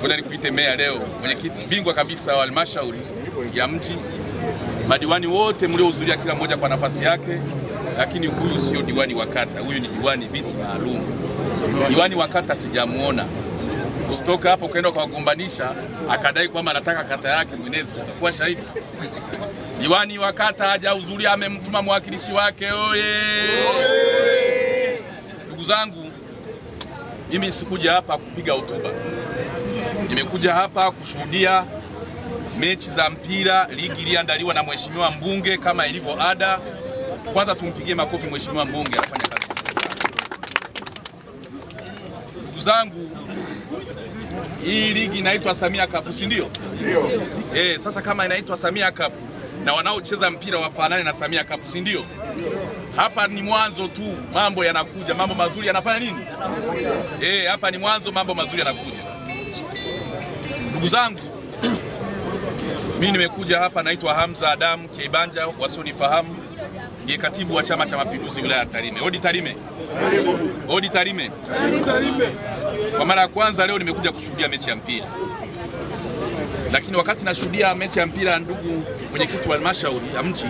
Ngoja kuite mea leo, mwenyekiti bingwa kabisa wa halmashauri ya mji, madiwani wote mliohudhuria, kila mmoja kwa nafasi yake, lakini huyu sio diwani wa kata, huyu ni diwani viti maalum. Diwani wa kata sijamuona. Usitoka hapo ukaenda ukawagombanisha akadai kwamba anataka kata yake mwenezi, utakuwa shahidi. Diwani wa kata hajahudhuria, amemtuma mwakilishi wake. Oye, oye! Ndugu zangu mimi sikuja hapa kupiga hotuba, nimekuja hapa kushuhudia mechi za mpira, ligi iliandaliwa na mheshimiwa mbunge kama ilivyo ada. Kwanza tumpigie makofi mheshimiwa mbunge, anafanya kazi nzuri sana. Ndugu zangu, hii ligi inaitwa Samia Cup, si ndio? Eh, sasa kama inaitwa Samia Cup na wanaocheza mpira wafanane na Samia Cup, si ndio? hapa ni mwanzo tu, mambo yanakuja, mambo mazuri yanafanya nini? Eh, hapa ni mwanzo, mambo mazuri yanakuja. Ndugu zangu, mimi nimekuja hapa, naitwa Hamza Adamu Kibanja, wasionifahamu ni katibu wa Chama cha Mapinduzi wilaya ya Tarime. Odi Tarime, odi Tarime. Kwa mara ya kwanza leo nimekuja kushuhudia mechi ya mpira lakini wakati nashuhudia mechi ya mpira, ndugu mwenyekiti wa halmashauri ya mji,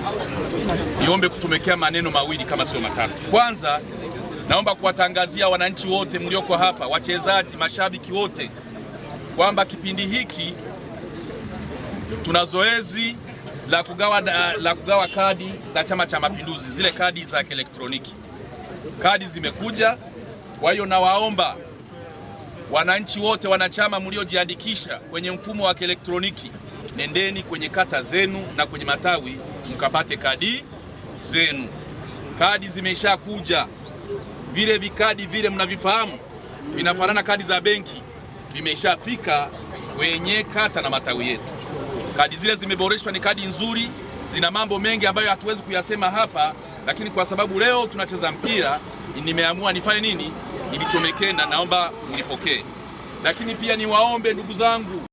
niombe kutumekea maneno mawili kama sio matatu. Kwanza naomba kuwatangazia wananchi wote mlioko hapa, wachezaji, mashabiki wote kwamba kipindi hiki tuna zoezi la kugawa, la kugawa kadi za Chama cha Mapinduzi, zile kadi za kielektroniki. Kadi zimekuja, kwa hiyo nawaomba Wananchi wote wanachama mliojiandikisha kwenye mfumo wa kielektroniki, nendeni kwenye kata zenu na kwenye matawi mkapate kadi zenu. Kadi zimeshakuja, vile vikadi vile mnavifahamu, vinafanana kadi za benki, vimeshafika kwenye kata na matawi yetu. Kadi zile zimeboreshwa, ni kadi nzuri, zina mambo mengi ambayo hatuwezi kuyasema hapa, lakini kwa sababu leo tunacheza mpira, nimeamua nifanye nini nilichomekenda, naomba mnipokee. Lakini pia niwaombe ndugu zangu